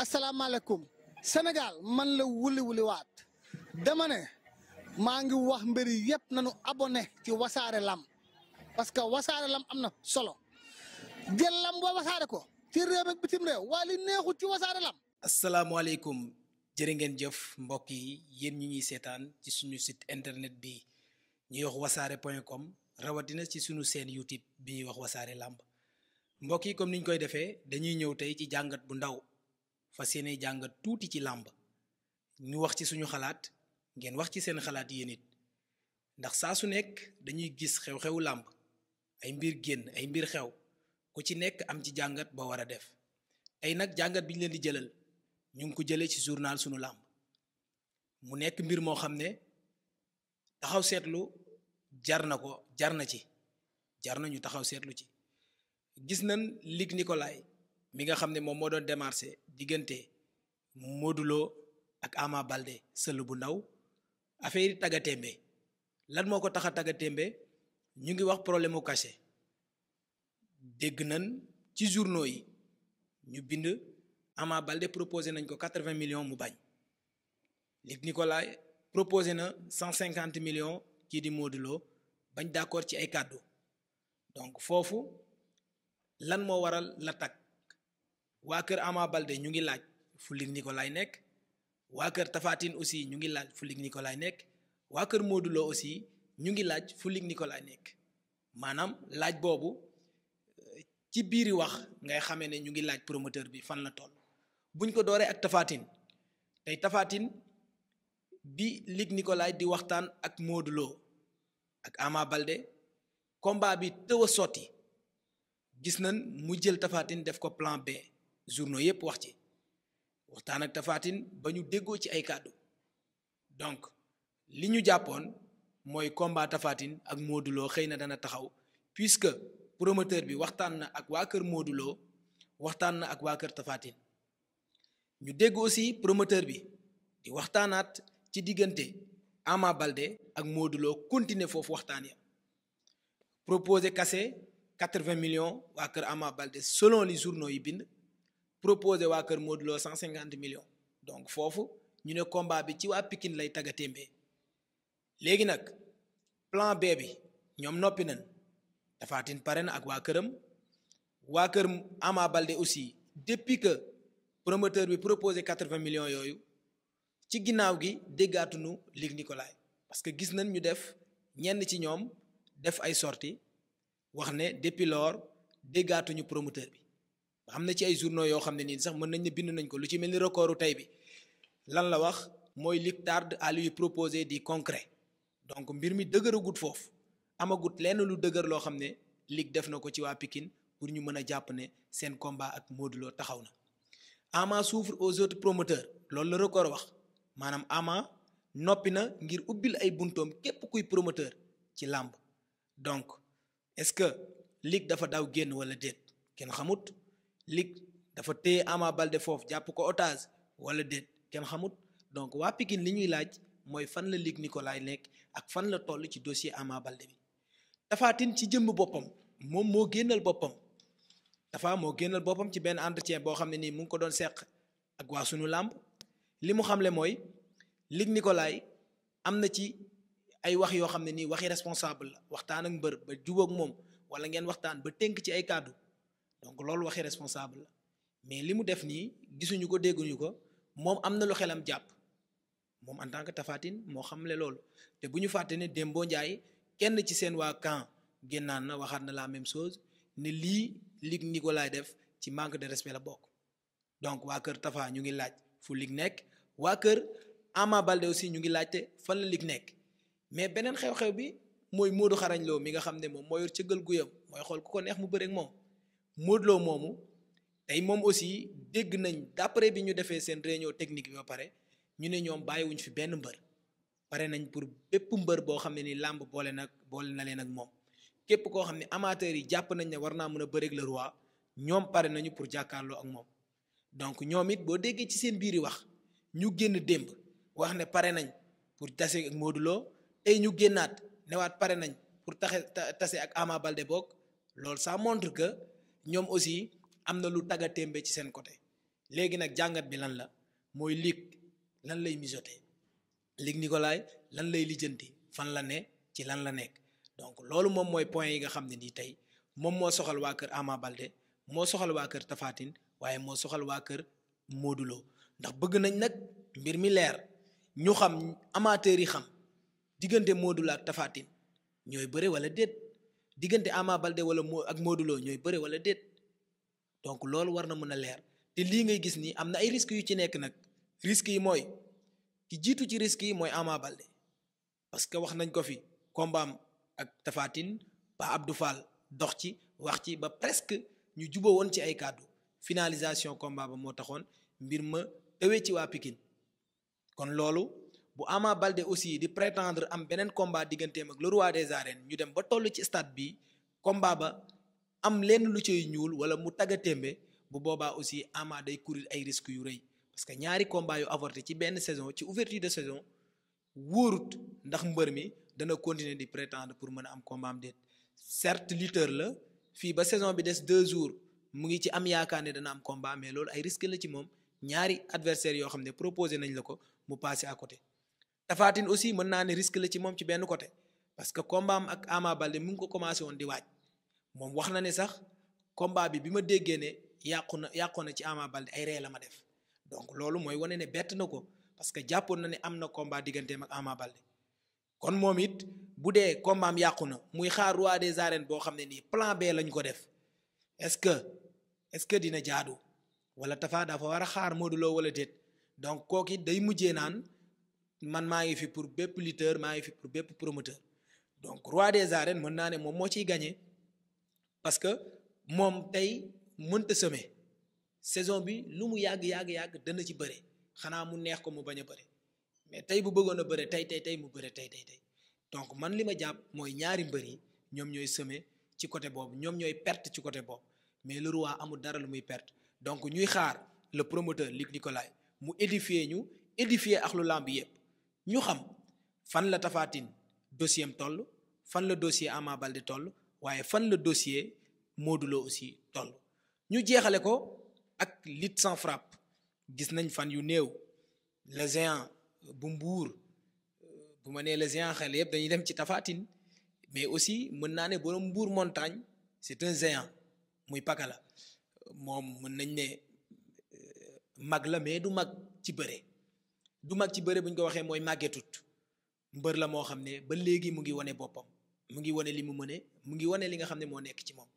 asalaamaaleykum Sénégal man la wuli wuli waat dama maa ngi wax mbir yëpp nañu abonné ci wasaare lam parce que wasaare lam am na solo jël lamb boo wasaare ko ci réew ak bitim réew waa li ci wasaare lam. asalaamaaleykum jërë ngeen jëf mbokk yi yéen ñi ñuy seetaan ci suñu site internet bi ñuy yox wasaare point com rawatina ci suñu seen YouTube bi ñuy wax wasaare lamb mbokk yi comme niñ koy defee dañuy ñëw tey ci jàngat bu ndaw. fas yéene jàngat tuuti ci làmb ñu wax ci suñu xalaat ngeen wax ci seen xalaat yéen it ndax saa su nekk dañuy gis xew-xewu làmb ay mbir génn ay mbir xew ku ci nekk am ci jàngat ba war a def tey nag jàngat bi ñu leen di jëlal ñu ngi ko jëlee ci journal suñu làmb mu nekk mbir moo xam ne taxaw seetlu jar na ko jar na ci jar na ñu taxaw seetlu ci gis nañ Luc Nicolaï mi nga xam ne moom moo doon démarché diggante Modou ak Ama balde sël bu ndaw affaire yi taggatémbe lan moo ko tax a taggatémbe ñu ngi wax problème mu cachet dégg nañ ci journaux yi ñu bind Ama Baldé proposé nañ ko quatre-vingts millions mu bañ Luc Nicolaï proposé na cent cinquante millions kii di Modou Lo bañ d'accord ci ay kàddu donc foofu lan moo waral l'attaque waa kër Ama Balde ñu ngi laaj fu Luc Nicolaï nekk waa kër Tapha aussi ñu ngi laaj fu Luc Nicolaï nekk waa kër Modou aussi ñu ngi laaj fu Luc Nicolaï nekk maanaam laaj boobu ci biir i wax ngay xame ne ñu ngi laaj promoteur bi fan la toll buñ ko dooree ak tafaatin tey tafaatin Tine bi Luc Nicolaï di waxtaan ak Modou ak Ama Balde combat bi tëw a sotti gis nañ mu jël tafaatin def ko plan B journaux yëpp wax ci waxtaan ak tafaatin ba ñu déggoo ci ay kàddu donc li ñu jàppoon mooy combat tafaatin ak Modou xëy na dana taxaw puisque promoteur bi waxtaan na ak waa kër Modou waxtaan na ak waa kër tafaatin ñu dégg aussi promoteur bi di waxtaanaat ci diggante Ama Balde ak Modou Lo continuer foofu waxtaan ya proposé kase quatre-vingts millions waa kër Ama Balde selon les journaux yi bind proposé waa kër Modou Lo cent cinquante millions donc foofu ñu ne combat bi ci waa pikin lay tagga témbee léegi nag plan B bi ñoom noppi nañ Tapha Tine pare na ak waa këram waa kër Ama Baldé aussi depuis que promoteur bi proposé quatre-vingts millions yooyu ci ginnaaw gi déggaatunu Luc Nicolaï parce que gis nañ ñu def ñenn ci ñoom def ay sorti wax ne depuis lors déggaatuñu promoteur bi am na ci ay journaux yoo xam ne nii sax mën nañ ne bind nañ ko lu ci mel ni recordu tay bi lan la wax mooy ligue tarde à lui proposer di concret donc mbir mi dëgëragut foofu amagut lenn lu dëgër loo xam ne ligue def na ko ci waa Pikine pour ñu mën a jàpp ne seen combat ak Modou taxaw na. Ama s'ouvre aux autres promoteurs loolu la record wax maanaam Ama noppi na ngir ubbil ay buntoom képp kuy promoteur ci làmb donc est-ce que ligue dafa daw génn wala déet kenn xamut. Ligue dafa téye Ama Baldé foofu jàpp ko otage wala déet kenn xamut donc waa Pikine li ñuy laaj mooy fan la Luc Nicolaï nekk ak fan la toll ci dossier Ama Baldé bi Tapha Tine ci jëmm boppam moom moo génnal boppam Tapha moo génnal boppam ci benn entretien boo xam ne nii mu ngi ko doon seq ak waa sunu làmb li mu xam xamle mooy Luc Nicolaï am na ci ay wax yoo xam ne nii waxi responsable la waxtaan ak mbër ba jubóog moom wala ngeen waxtaan ba tënk ci ay kàddu donc loolu waxi responsable la mais li mu def nii gisuñu ko dégguñu ko moom am na lu xelam jàpp moom en tant que tafatin moo xamle loolu te bu ñu fàtte ne démboo njaay kenn ci seen waa camp génnaan na waxaat na la même chose ni lii lig ni ko laay def ci manque de respect la bokk donc waa kër tafaa ñu ngi laaj fu lig nekk waa kër amaa Balde aussi ñu ngi laajte fan la lig nekk mais beneen xew-xew bi mooy Modou xarañ loo mi nga xam ne moom moo yor cëggal mooy xool ku ko neex mu bëreek moom Modou moomu tey moom aussi dégg nañ d'après bi ñu defee seen réunion technique bi ba pare ñu ne ñoom bàyyiwuñ fi benn mbër pare nañ pour bépp mbër boo xam ne ni làmb boole nag boole na leen ak moom képp koo xam ne amateurs yi jàpp nañ ne war naa mën a bëreeg le ñoom pare nañu pour jàkkaarloo ak moom donc ñoom it boo déggee ci seen biir yi wax ñu génn démb wax ne pare nañ pour tase ak tey ñu génnaat newaat pare nañ pour taxe tase ak Ama Balde boog loolu ça montre que ñoom aussi am na lu tagga témbe ci seen côté léegi nag jàngat bi lan la mooy ligue lan lay mijoté ligue Nicolas lan lay lijjanti fan la ne ci lan la nekk donc loolu moom mooy point yi nga xam ne nii tey moom moo soxal waa kër Ama Balde moo soxal waa kër Tapha waaye moo soxal waa kër Modou ndax bëgg nañ nag mbir mi leer ñu xam amateurs yi xam diggante Modou Lo ñooy bëre wala déet diggante Ama Balde wala moo ak Modou Lo ñooy bëre wala déet donc loolu war na mën a leer te lii ngay gis nii am na ay risques yu ci nekk nag risques yi mooy ki jiitu ci risques yi mooy Ama Balde parce que wax nañ ko fi combat ak Tapha Tine ba Abdou Fall dox ci wax ci ba presque ñu juboo woon ci ay kàddu finalisation combat ba moo taxoon mbir ma ewee ci waa Pikine kon loolu bu Ama Baldé aussi di prétendre am beneen combat digganteem ak le roi des ñu dem ba toll ci stade bi combat ba am lenn lu cay ñuul wala mu taggatémbe bu boobaa aussi Ama day courir ay risques yu rëy parce que ñaari combat yu avorté ci benn saison ci ouverture de saison wóorut ndax mbër mi dana continuer di prétendre pour mën a am combat am déet certes lutteur la fii ba saison bi des deux jours mu ngi ci am yaakaar ne dana am combat mais loolu ay risque la ci moom ñaari adversaire yoo xam ne proposé nañ la ko mu passé à côté Tapha Tine aussi mën naa ne risque la ci moom ci benn côté parce que combat am ak Ama Baldé mu ngi ko commencé woon di waaj moom wax na ne sax combat bi bi ma déggee ne yàqu na yàqoon na ci Ama Baldé ay ree la ma def donc loolu mooy wane ne bett na ko parce que jàppoon na ne am na combat digganteem ak Ama kon moom it bu dee combat am yàqu na muy xaar roi des arènes boo xam ne nii plan B lañ ko def est-ce que est-ce que dina jaadu wala Tapha dafa war a xaar mooduloo Lo wala déet donc kook it day mujjee naan. man maa ngi fi pour bépp lutteur maa ngi fi pour bépp promoteur donc roi des arènes mën naa ne moom moo ciy gagné parce que moom tey mënta semé saison bi lu mu yàgg yàgg yàgg dana ci bëre xanaa mu neex ko mu bañ a bëre mais tey bu bëggoon a bëre tey tey tey mu bëre tey tey tey donc man li ma jàpp mooy ñaari mbër yi ñoom ñooy semé ci côté boobu ñoom ñooy perte ci côté boobu mais le roi amul dara lu muy perte donc ñuy xaar le promoteur Luc Nicolaï mu édifier ñu édifier ak lu ñu xam fan la tafaatin Tine toll fan la dossier Ama Baldé toll waaye fan la dossier Modou aussi toll ñu jeexale ko ak lutte sans frappe gis nañ fan yu néew le géant bu mbuur bu ma nee la géant xel yëpp dañuy dem ci tafaatin mais aussi mën naa ne borom mbuur montagne c'est un géant muy pakala moom mën nañ ne euh, mag la mais du mag ci bëre du mag ci bëre bu ñu ko waxee mooy màggetut mbër la moo xam ne ba léegi mu ngi wane boppam mu ngi wane li mu mëne mu ngi wane li nga xam ne moo nekk ci moom.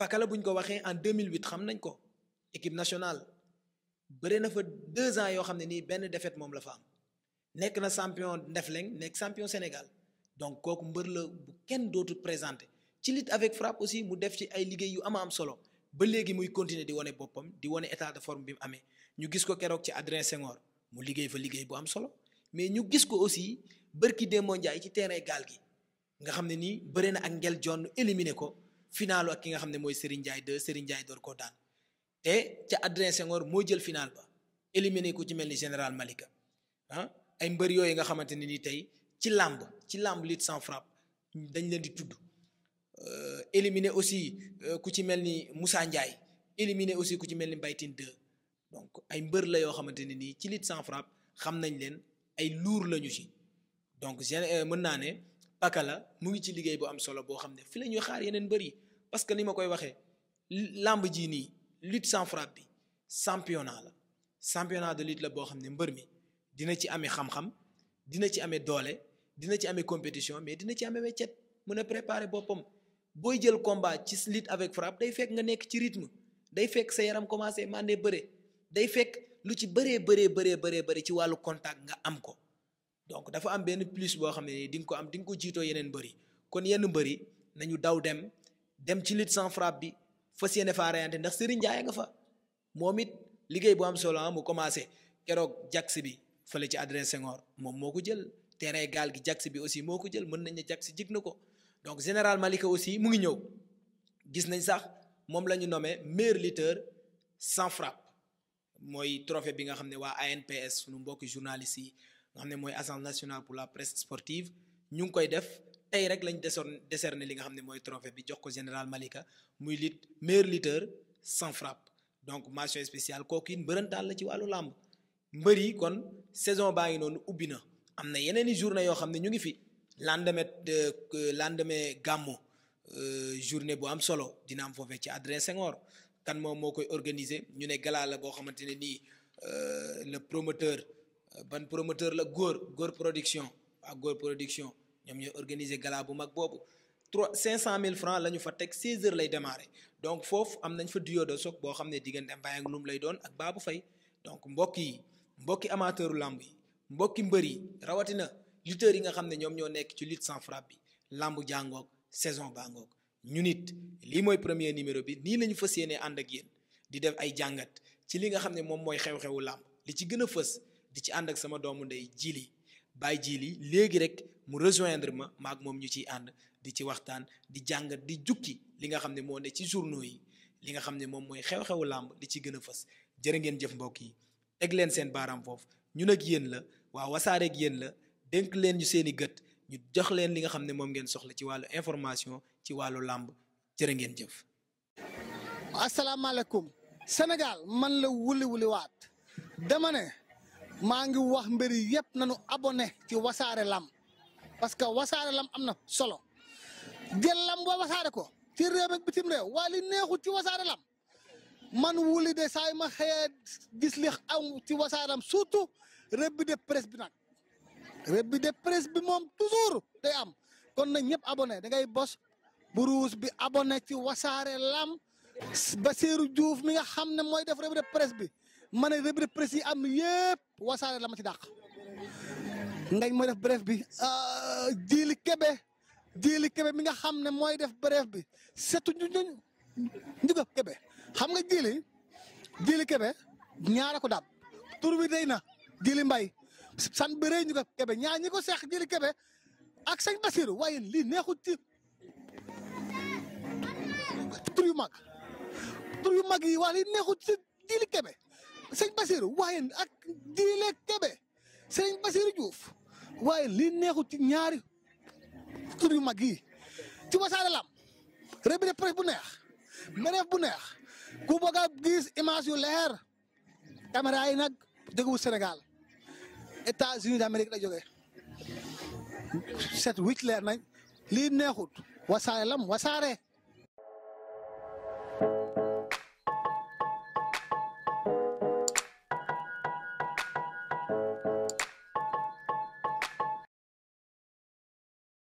Pakala bu ñu ko waxee en 2008 xam nañ ko équipe national bëre na fa deux ans yoo xam ne nii benn défaite moom la fa am nekk na sampion champion Ndefleng nekk sampion Sénégal donc kooku mbër la bu kenn dootul présenté ci lit avec frappe aussi mu def ci ay liggéey yu ama am solo. ba léegi muy continuer di wane boppam di wane état de forme bi mu amee ñu gis ko keroog ci Adrien Senghor mu liggéey fa liggéey bu am solo mais ñu gis ko aussi bërki Demba Ndiaye ci terrain gaal gi nga xam ne nii bëre na ak Ngel John éliminé ko finalu ak ki nga xam ne mooy Serigne Ndiaye 2 Serigne Ndiaye door koo daan te ca Adrien Senghor moo jël final ba éliminé ko ci mel ni général Malika ah ay mbër yooyu nga xamante ne ni tey ci làmb ci làmb lutte sans frappe dañ leen di tudd euh, éliminé aussi euh, ku ci mel ni mussa Ndiaye éliminé aussi ku ci mel ni Mbaytin 2 donc ay mbër la yoo xamante ne nii ci lutte sans frappe xam nañ leen ay luur lañu ci donc gene euh, mën naa ne paka la mu ngi ci liggéey bu am solo boo xam ne fi la ñuy xaar yeneen mbër yi parce que ni ma koy waxee làmb ji nii lutte sans frappe bi championnat la championnat de lutte la boo xam ne mbër mi dina ci amee xam-xam dina ci amee doole dina ci amee compétition mais dina ci amee weccet mën a préparer boppam booy jël combat ci lutte avec frappe day fekk nga nekk ci rythme day fekk sa yaram day fekk lu ci bëree bëree bëree bëree bëri ci wàllu contact nga am ko donc dafa am benn plus boo xam ne nii di nga ko am di nga ko jiitoo yeneen mbëri kon yenn mbëri nañu daw dem dem ci lutte sans frappe bi fas yéene faa reyante ndax Serigne Ndiaye nga fa moom it liggéey bu am solo ah, mu commencé keroog jax bi fële ci adresse Senghor moom moo ko jël terrain gaal gi jax bi aussi moo ko jël mën nañ ne jax jig na ko donc général Malika aussi mu ngi ñëw gis nañ sax moom la ñu nommé meilleur mooy trophée bi nga xam ne waa ANPS sunu mbokki journalistes yi nga xam ne mooy agence nationale pour la presse sportive ñu ngi koy def tey rek lañ desoon décerné li nga xam ne mooy trophée bi jox ko général Malika muy lit meilleur lutteur sans frappe donc mention spéciale kook it mbërëntaal ci wàllu làmb mbër yi kon saison baa ngi noonu ubbi na am na yeneen i journée yoo xam ne ñu ngi fi lendemain euh, lendemain gàmmu euh, journée bu am solo dina am foofee ci adresse Senghor kan moom moo koy organiser ñu ne gala la boo xamante ne nii euh, le promoteur euh, ban promoteur la góor góor production ak goor production ñoom ñoo organiser gala bu mag boobu trois cinq cent mille francs la ñu fa teg seize heures lay démarrer donc foofu am nañ fa duo de choc boo xam ne diggante Mbaye ak Loum lay doon ak Babou Faye donc mbokk yi mbokki amateuru làmb yi mbokki mbër yi rawatina lutteurs yi nga xam ne ñoom ñoo nekk ci lute sans frappe bi làmb jàngook saison bàngoog ñu nit lii mooy premier numéro bi nii la ñu fas yéenee ànd ak yéen di def ay jàngat ci li nga xam ne moom mooy xew-xewu làmb li ci gën a fës di ci ànd ak sama doomu ndey jili bàyyi jili léegi rek mu rejoindre ma maag moom ñu ciy ànd di ci waxtaan di jàngat di jukki li nga xam ne moo ne ci journaux yi li nga xam ne moom mooy xew-xewu làmb li ci gën a fës jërë ngeen jëf mbokk yi teg leen seen baaraam foofu ñu nag yéen la waa wasaare ak yéen la dénk leen ñu seen i gët ñu jox leen li nga xam ne moom ngeen soxla ci wàllu information ci wàllu làmb jërë ngeen jëf. asalaamaaleykum Sénégal man la wuli wuli waat dama maa ngi wax mbir yëpp nañu abonné ci wasaare lamb parce que wasaare lamb am na solo jël lamb wa wasaare ko ci réew ak bitim réew waa li neexul ci wasaare lamb man wuli de saa yi ma xëyee gis li am ci wasaare lamb surtout revue de presse bi nag. revue de presse bi moom toujours day am kon na ñëpp abonné da ngay bos buruus bi abonné ci wasaare lam Bassirou Diouf mi nga xam ne mooy def revue de presse bi ma ne revue de presse yi am yëpp wasaare la ma ci dàq ngañ mooy def bref bi jiili kebe jiili kebe mi nga xam ne mooy def bref bi setu ñu ñu njuga kebe xam nga jiili jiili kebe ñaara ko dab tur wi day na jiili mbay san bëree ñu ko kebe ñaa ñi ko seex jëli kebe ak sëñ Basiru waaye lii neexul ci tur yu mag tur yu mag yi waa lii neexul ci jëli kebe sëñ Basiru waaye ak jëlee kebe sëñ Basiru Diouf waaye lii neexul ci ñaari tur yu mag yi ci Wassare Lamb revue de presse bu neex mereef bu neex ku bëgg a gis yu leer caméra yi nag jógewu Sénégal États-Unis d'Amérique la jógee set wicc leer nañ lii neexut wasaare lam wasaare